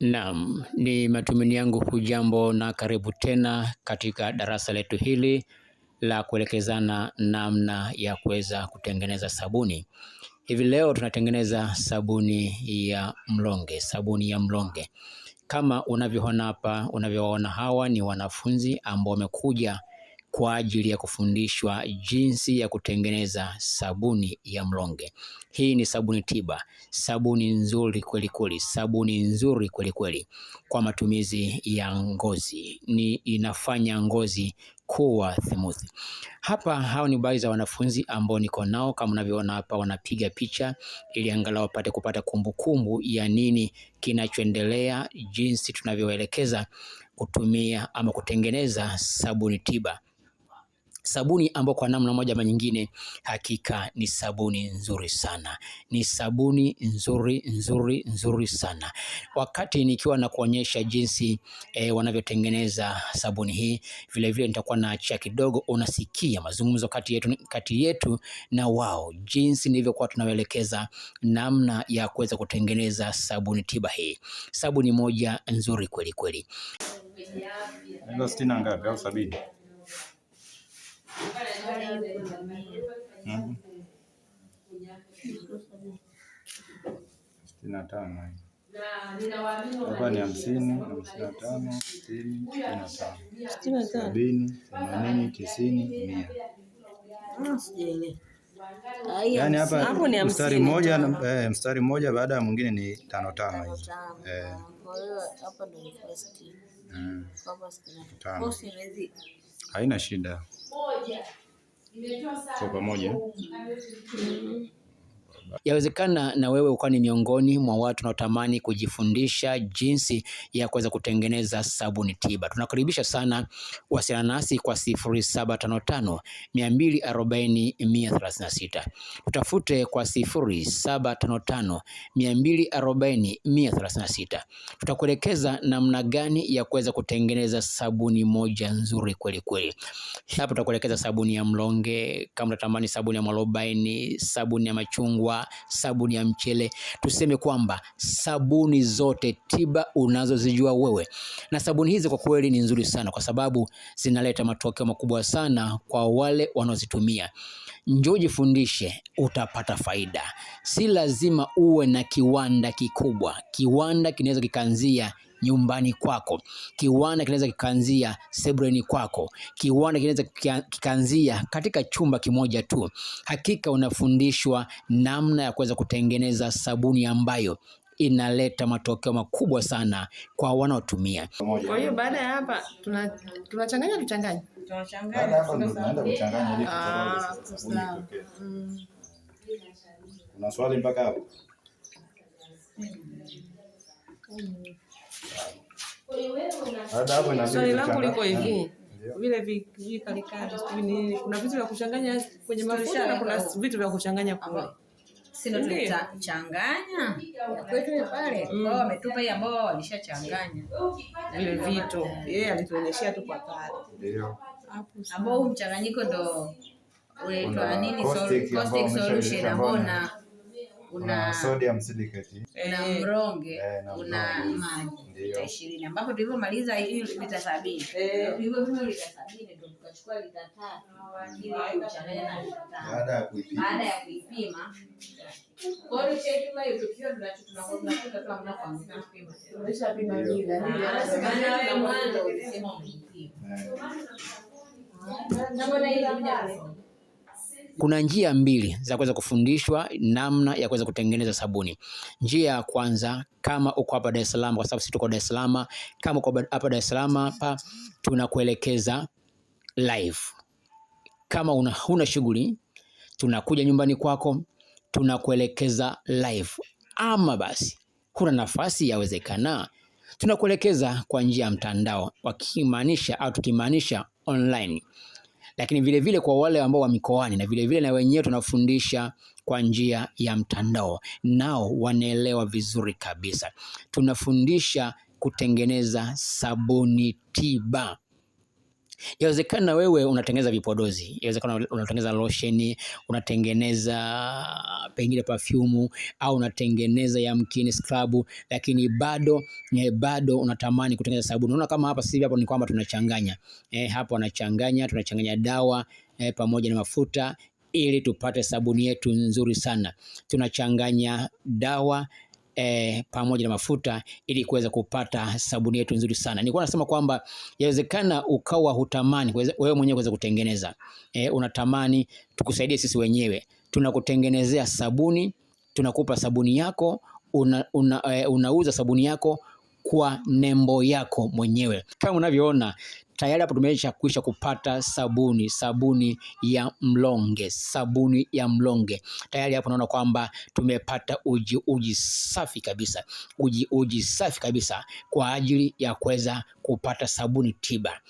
Naam, ni matumaini yangu hujambo na karibu tena katika darasa letu hili la kuelekezana namna ya kuweza kutengeneza sabuni. Hivi leo tunatengeneza sabuni ya mlonge, sabuni ya mlonge. Kama unavyoona hapa, unavyoona hawa ni wanafunzi ambao wamekuja kwa ajili ya kufundishwa jinsi ya kutengeneza sabuni ya mlonge. Hii ni sabuni tiba, sabuni nzuri kweli kweli, sabuni nzuri kweli kweli kwa matumizi ya ngozi, ni inafanya ngozi kuwa themuthi. Hapa hao ni baadhi za wanafunzi ambao niko nao, kama unavyoona hapa, wanapiga picha ili angalau wapate kupata kumbukumbu kumbu ya nini kinachoendelea, jinsi tunavyoelekeza kutumia ama kutengeneza sabuni tiba sabuni ambayo kwa namna moja ama nyingine hakika ni sabuni nzuri sana, ni sabuni nzuri nzuri nzuri sana. Wakati nikiwa na kuonyesha jinsi e, wanavyotengeneza sabuni hii, vilevile nitakuwa naachia kidogo, unasikia mazungumzo kati yetu, kati yetu na wao, jinsi nilivyokuwa tunawaelekeza namna ya kuweza kutengeneza sabuni tiba hii. Sabuni moja nzuri kweli kweli. au sabini? sitini na tano hapa ni hamsini, hamsini na tano, sitini, sitini na tano, sabini, themanini, tisini, mia. Ah, yaani hapa mstari mmoja eh, mstari mmoja baada ya mwingine ni tano tano eh. mm. Haina shida. Moja. Kwa pamoja. Yawezekana na wewe ukawa ni miongoni mwa watu wanaotamani kujifundisha jinsi ya kuweza kutengeneza sabuni tiba. Tunakaribisha sana, wasiliana nasi kwa 0755240136. Tutafute kwa 0755240136. Tutakuelekeza namna gani ya kuweza kutengeneza sabuni moja nzuri kweli kweli. Hapa tutakuelekeza sabuni ya mlonge, kama unatamani sabuni ya mwarobaini, sabuni ya machungwa sabuni ya mchele. Tuseme kwamba sabuni zote tiba unazozijua wewe, na sabuni hizi kwa kweli ni nzuri sana, kwa sababu zinaleta matokeo makubwa sana kwa wale wanaozitumia. Njoo jifundishe, utapata faida. Si lazima uwe na kiwanda kikubwa, kiwanda kinaweza kikaanzia nyumbani kwako. Kiwanda kinaweza kikaanzia sebreni kwako. Kiwanda kinaweza kikaanzia katika chumba kimoja tu. Hakika unafundishwa namna ya kuweza kutengeneza sabuni ambayo inaleta matokeo makubwa sana kwa wanaotumia. Kwa hiyo baada ya hapa tunachanganya tuna tuchanganye ah, kuna swali mpaka hapo. Swali langu liko hivi, vile vikalikali nini, kuna vitu vya kuchanganya kwenye maisha na kuna vitu vya kuchanganya kule sina tulichanganya kwetu pale kwao, mm. wametupa hii ambao walishachanganya vile vitu. Yeye alituonyeshea tu kwa pale, ambao mchanganyiko ndo unaitwa nini, caustic solution ambao na una sodium silicate na eh, mronge eh, una maji lita ishirini ambapo tulivyomaliza hiyo lita sabini eh. tulivyopima lita sabini ndio tukachukua lita tatu baada ya kuipima baada ya kuipima kwa ah, kwa kuna njia mbili za kuweza kufundishwa namna ya kuweza kutengeneza sabuni. Njia ya kwanza, kama uko hapa Dar es Salaam, kwa sababu sisi tuko Dar es Salaam, kama uko hapa Dar es Salaam hapa tunakuelekeza live. Kama una huna shughuli, tunakuja nyumbani kwako, tunakuelekeza live. Ama basi kuna nafasi yawezekana tunakuelekeza kwa njia ya mtandao, wakimaanisha au tukimaanisha online lakini vile vile kwa wale ambao wa mikoani, na vile vile na wenyewe tunafundisha kwa njia ya mtandao, nao wanaelewa vizuri kabisa. Tunafundisha kutengeneza sabuni tiba Yawezekana wewe unatengeneza vipodozi, yawezekana unatengeneza lotion, unatengeneza pengine perfume au unatengeneza yamkini scrub, lakini bado eh, bado unatamani kutengeneza sabuni. Unaona kama hapa sasa hapo ni kwamba tunachanganya eh, hapo anachanganya, tunachanganya dawa eh, pamoja na mafuta ili tupate sabuni yetu nzuri sana. Tunachanganya dawa e, pamoja na mafuta ili kuweza kupata sabuni yetu nzuri sana. Nilikuwa nasema kwamba yawezekana ukawa hutamani wewe mwenyewe kuweza kutengeneza e, unatamani tukusaidie sisi wenyewe, tunakutengenezea sabuni, tunakupa sabuni yako una, una, e, unauza sabuni yako kwa nembo yako mwenyewe kama unavyoona tayari hapo tumesha kwisha kupata sabuni, sabuni ya mlonge, sabuni ya mlonge. Tayari hapo naona kwamba tumepata uji, uji safi kabisa, uji, uji safi kabisa kwa ajili ya kuweza kupata sabuni tiba.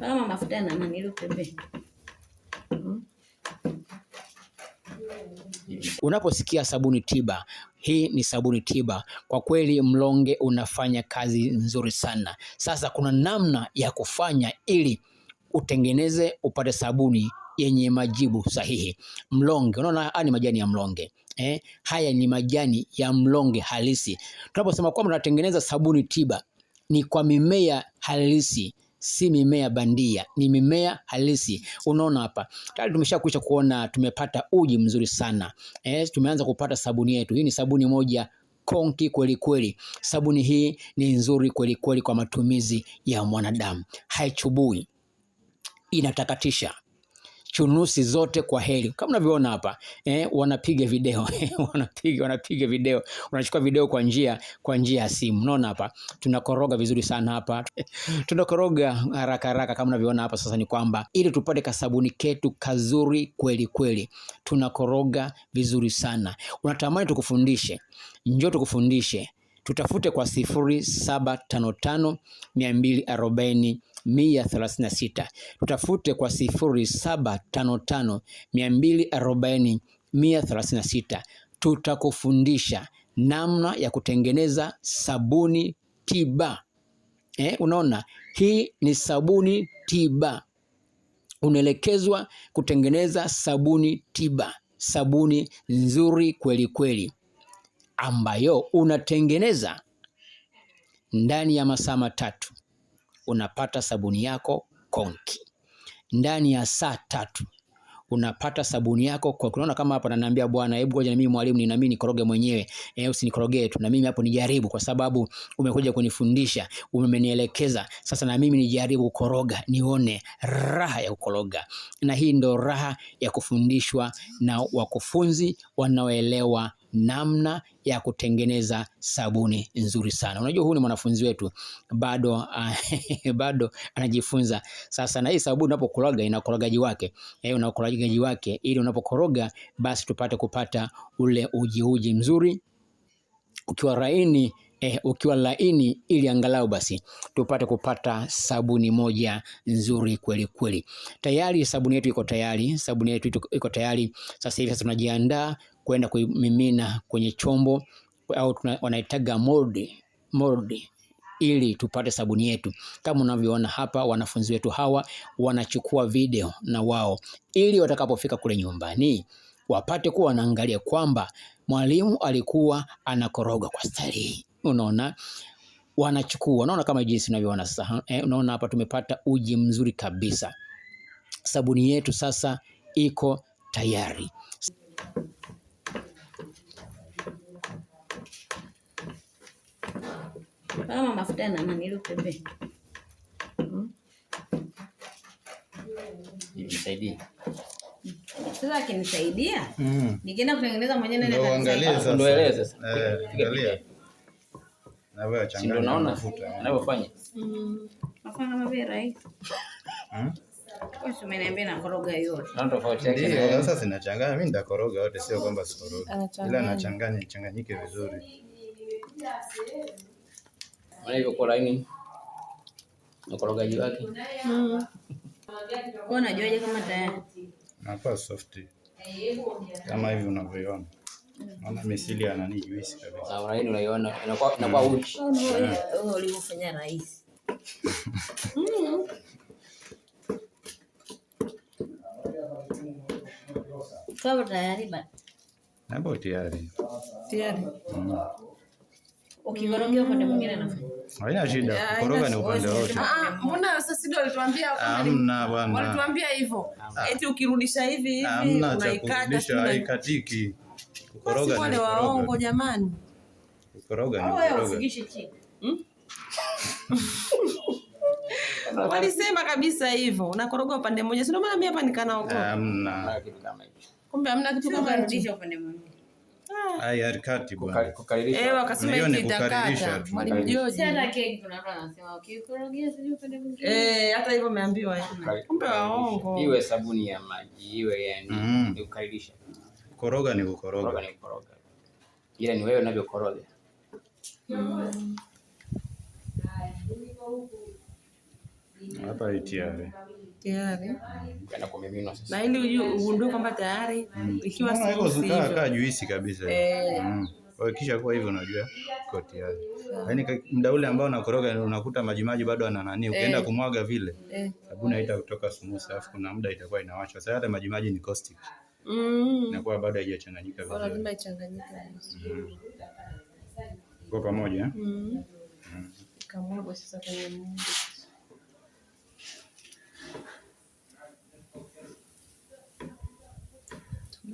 Kama mafuta na nani ile pembeni. Unaposikia sabuni tiba, hii ni sabuni tiba. Kwa kweli, mlonge unafanya kazi nzuri sana. Sasa kuna namna ya kufanya ili utengeneze upate sabuni yenye majibu sahihi. Mlonge, unaona haya ni majani ya mlonge eh? Haya ni majani ya mlonge halisi. Tunaposema kwamba tunatengeneza sabuni tiba, ni kwa mimea halisi, si mimea bandia, ni mimea halisi. Unaona hapa tayari tumeshakwisha kuona, tumepata uji mzuri sana eh, tumeanza kupata sabuni yetu. Hii ni sabuni moja konki kweli kweli. Sabuni hii ni nzuri kweli kweli kwa matumizi ya mwanadamu, haichubui inatakatisha chunusi zote kwa heli kama unavyoona hapa eh, wanapiga video wanapiga wanapiga video, unachukua video kwa njia kwa njia ya simu. Unaona hapa tunakoroga vizuri sana hapa tunakoroga haraka haraka, kama unavyoona hapa. Sasa ni kwamba ili tupate kasabuni ketu kazuri kweli kweli, tunakoroga vizuri sana. Unatamani tukufundishe, njoo tukufundishe tutafute kwa 0755 240 sita tutafute kwa 0755 240 136. Tutakufundisha namna ya kutengeneza sabuni tiba. Eh, unaona hii ni sabuni tiba, unaelekezwa kutengeneza sabuni tiba, sabuni nzuri kweli kweli ambayo unatengeneza ndani ya masaa matatu, unapata sabuni yako konki. Ndani ya saa tatu unapata sabuni yako kwa kunaona kama hapa ananiambia bwana, hebu ngoja na mimi mwalimu, ni nikoroge mwenyewe eh, usinikorogee tu na mimi hapo nijaribu, kwa sababu umekuja kunifundisha, umenielekeza. Sasa na mimi nijaribu kukoroga, nione raha ya kukoroga. Na hii ndo raha ya kufundishwa na wakufunzi wanaoelewa namna ya kutengeneza sabuni nzuri sana. Unajua huyu ni mwanafunzi wetu bado, uh, bado anajifunza sasa, na hii sabuni unapokoroga ina ukorogaji wake, eh, una wake ili unapokoroga basi tupate kupata ule uji uji mzuri ukiwa laini Eh, ukiwa laini ili angalau basi tupate kupata sabuni moja nzuri kweli kweli. Tayari sabuni yetu iko tayari, sabuni yetu iko tayari sasa hivi. Sasa tunajiandaa kwenda kuimimina kwenye chombo au wanaitaga moldi, moldi ili tupate sabuni yetu. Kama unavyoona hapa, wanafunzi wetu hawa wanachukua video na wao, ili watakapofika kule nyumbani wapate kuwa wanaangalia kwamba mwalimu alikuwa anakoroga kwa stari. Unaona, wanachukua unaona, kama jinsi unavyoona sasa. Eh, unaona hapa tumepata uji mzuri kabisa. Sabuni yetu sasa iko tayari. Kama mafuta yana nani ile pembeni. Hmm. Nisaidie. Sasa akinisaidia hmm. nikienda kutengeneza mwenyewe nene angalie Ndio ah, sasa. Eh, angalia. Na wewe changanya. Ndio naona mafuta. Anavyofanya. Mm. Nafanya kama vile rai. Mm. Sasa sinachanganya, mi nitakoroga yote, sio kwamba sikoroga, ila nachanganya vizuri wanavyokuwa laini na korogaji hmm. wake. Unajuaje kama tayari nakuwa soft kama hivi unavyoiona? Naona misili ya nani juisi kabisa, unaiona inakuwa inakuwa uchi. Hmm. Oh, hmm. Wewe ulivyofanya rahisi tayari tayari ukikorogea upande mwingine anafanya haina shida, ah, koroga ni upande wote. Ah, ah Mbona sasa ndio walituambia? Hamna bwana, walituambia hivyo ah. eti ukirudisha hivi hivi unaikata, haikatiki. Koroga ni waongo jamani, Koroga ni koroga. Hmm? Walisema kabisa hivyo, unakoroga upande mmoja, Sio Maana mimi hapa nikanaogopa. Hamna kumbe hamna kitu kama rudisha upande mmoja Hai ah. halikati bwana. Eh, wakasema Hata keki anasema upende mwingine. Eh, hata hivyo umeambiwa. Kumbe waongo. Iwe sabuni ya maji, iwe yani mm. ukaririsha Koroga ni kukoroga. Koroga ni kukoroga. Ila ni wewe unavyokoroga. Mm. Hapa hii tayari. Tayari. Kana kumiminwa sasa. Na ili ugundue kwamba tayari mm. ikiwa sio kaa juisi kabisa. Eh. Mm. Kwa kisha kuwa hivyo unajua iko tayari. Yaani muda ule ambao unakoroga unakuta maji maji bado ana nani ukienda eh. kumwaga vile. Eh. Sabuni haita kutoka smooth alafu kuna muda itakuwa inawachwa. Sasa hata maji maji ni caustic. Mm. Inakuwa bado haijachanganyika vizuri. Lazima ichanganyike vizuri. Mm. Kwa pamoja. Eh? Mm. Kamwaga sasa kwenye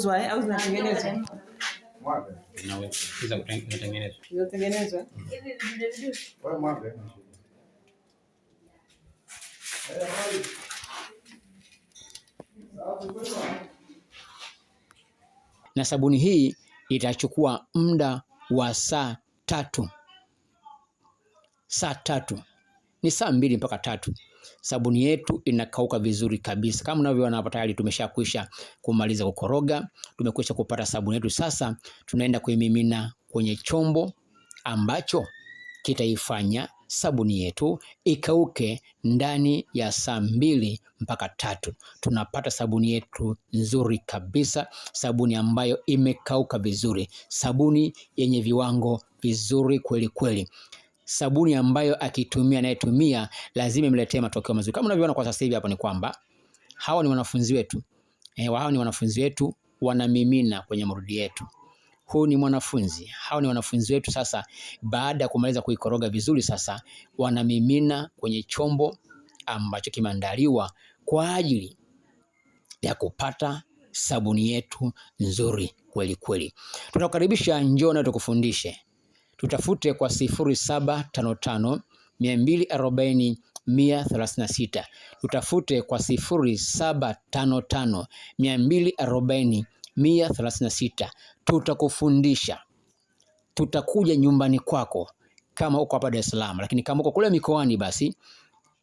zinauzwa eh, au zinatengenezwa? Ah, zinatengenezwa. Mm. Na sabuni hii itachukua muda wa saa tatu, saa tatu ni saa mbili mpaka tatu sabuni yetu inakauka vizuri kabisa. Kama unavyoona hapa tayari tumeshakwisha kumaliza kukoroga, tumekwisha kupata sabuni yetu. Sasa tunaenda kuimimina kwenye chombo ambacho kitaifanya sabuni yetu ikauke ndani ya saa mbili mpaka tatu. Tunapata sabuni yetu nzuri kabisa, sabuni ambayo imekauka vizuri, sabuni yenye viwango vizuri kweli kweli sabuni ambayo akitumia anayetumia lazima imletee matokeo mazuri. Kama unavyoona kwa sasa hivi hapa ni kwamba hawa ni wanafunzi wetu. Eh, hawa ni wanafunzi wetu wanamimina kwenye mrudi yetu. Huu ni mwanafunzi, hawa ni wanafunzi wetu. Sasa baada ya kumaliza kuikoroga vizuri, sasa wanamimina kwenye chombo ambacho kimeandaliwa kwa ajili ya kupata sabuni yetu nzuri kweli kweli. Tunakukaribisha, njoo na tukufundishe tutafute kwa 0755 240 sita Tutafute kwa 0755 240 sita Tutakufundisha, tutakuja nyumbani kwako kama uko hapa Dar es Salaam, lakini kama uko kule mikoani, basi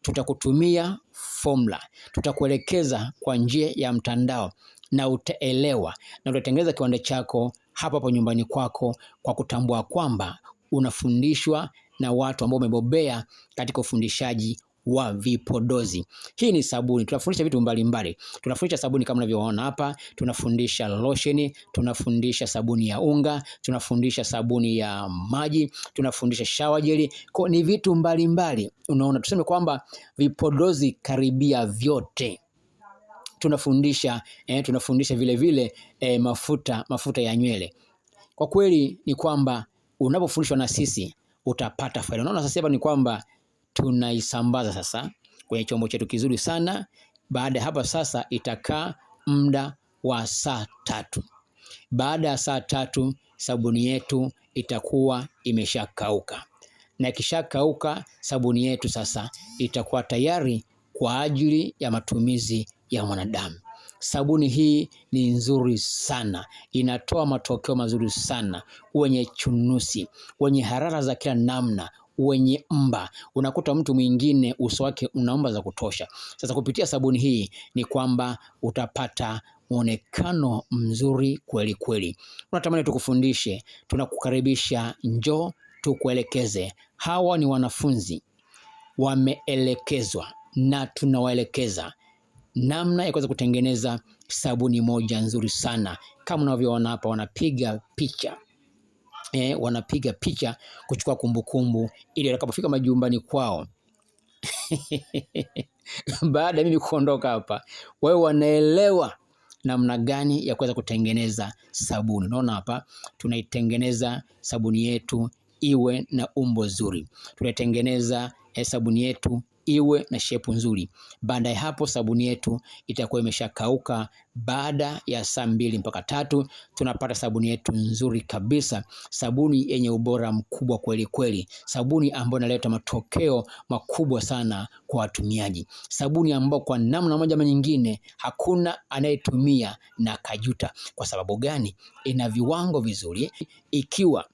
tutakutumia formula, tutakuelekeza kwa njia ya mtandao na utaelewa na utatengeneza kiwanda chako hapo hapo nyumbani kwako kwa kutambua kwamba unafundishwa na watu ambao umebobea katika ufundishaji wa vipodozi. Hii ni sabuni. Tunafundisha vitu mbalimbali. Tunafundisha sabuni kama unavyoona hapa, tunafundisha losheni, tunafundisha sabuni ya unga, tunafundisha sabuni ya maji, tunafundisha shawajeli. Kwa ni vitu mbalimbali mbali. Unaona, tuseme kwamba vipodozi karibia vyote tunafundisha eh, tunafundisha vile vile eh, mafuta mafuta ya nywele. Kwa kweli ni kwamba unapofundishwa na sisi utapata faida. Unaona sasa hapa ni kwamba tunaisambaza sasa kwenye chombo chetu kizuri sana. Baada ya hapa sasa itakaa muda wa saa tatu. Baada ya saa tatu sabuni yetu itakuwa imeshakauka, na ikishakauka sabuni yetu sasa itakuwa tayari kwa ajili ya matumizi ya mwanadamu. Sabuni hii ni nzuri sana, inatoa matokeo mazuri sana, wenye chunusi, wenye harara za kila namna wenye mba. Unakuta mtu mwingine uso wake unaomba za kutosha. Sasa kupitia sabuni hii ni kwamba utapata mwonekano mzuri kweli kweli. Unatamani tukufundishe, tunakukaribisha, njoo tukuelekeze. Hawa ni wanafunzi wameelekezwa na tunawaelekeza namna ya kuweza kutengeneza sabuni moja nzuri sana. Kama unavyoona hapa, wanapiga picha e, wanapiga picha kuchukua kumbukumbu ili watakapofika majumbani kwao baada ya mimi kuondoka hapa, wao wanaelewa namna gani ya kuweza kutengeneza sabuni. Unaona hapa tunaitengeneza sabuni yetu iwe na umbo zuri, tunaitengeneza eh, sabuni yetu iwe na shepu nzuri. Baada ya hapo, sabuni yetu itakuwa imeshakauka. Baada ya saa mbili mpaka tatu, tunapata sabuni yetu nzuri kabisa, sabuni yenye ubora mkubwa kweli kweli, sabuni ambayo inaleta matokeo makubwa sana kwa watumiaji, sabuni ambayo kwa namna moja ama nyingine hakuna anayetumia na kajuta. Kwa sababu gani? Ina viwango vizuri, ikiwa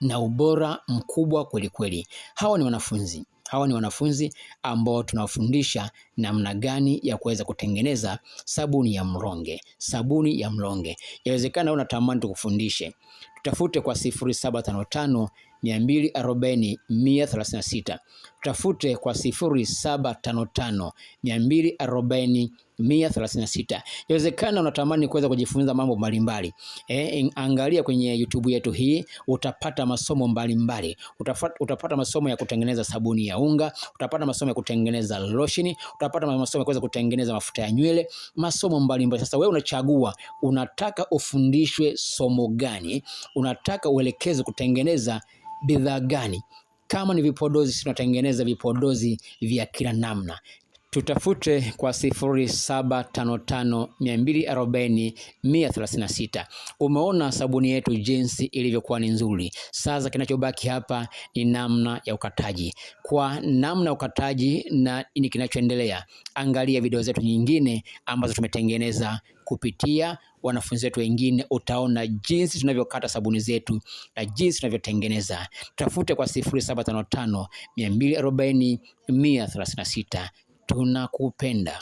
na ubora mkubwa kwelikweli. Hawa ni wanafunzi hawa ni wanafunzi ambao tunawafundisha namna gani ya kuweza kutengeneza sabuni ya mlonge. Sabuni ya mlonge, yawezekana unatamani tukufundishe, tutafute kwa 0755 240 136 tutafute kwa 0755 240 Inawezekana unatamani kuweza kujifunza mambo mbalimbali. E, angalia kwenye YouTube yetu hii utapata masomo mbalimbali. Utapata masomo ya kutengeneza sabuni ya unga, utapata masomo ya kutengeneza lotion, utapata masomo ya kuweza kutengeneza mafuta ya nywele, masomo mbalimbali. Sasa wewe unachagua unataka ufundishwe somo gani? Unataka uelekezwe kutengeneza bidhaa gani? Kama ni vipodozi, sisi tunatengeneza vipodozi vya kila namna tutafute kwa 0755240136. Umeona sabuni yetu jinsi ilivyokuwa ni nzuri. Sasa kinachobaki hapa ni namna ya ukataji. Kwa namna ya ukataji na ni kinachoendelea, angalia video zetu nyingine ambazo tumetengeneza kupitia wanafunzi wetu wengine, utaona jinsi tunavyokata sabuni zetu na jinsi tunavyotengeneza. Tafute kwa 0755240136 tunakupenda.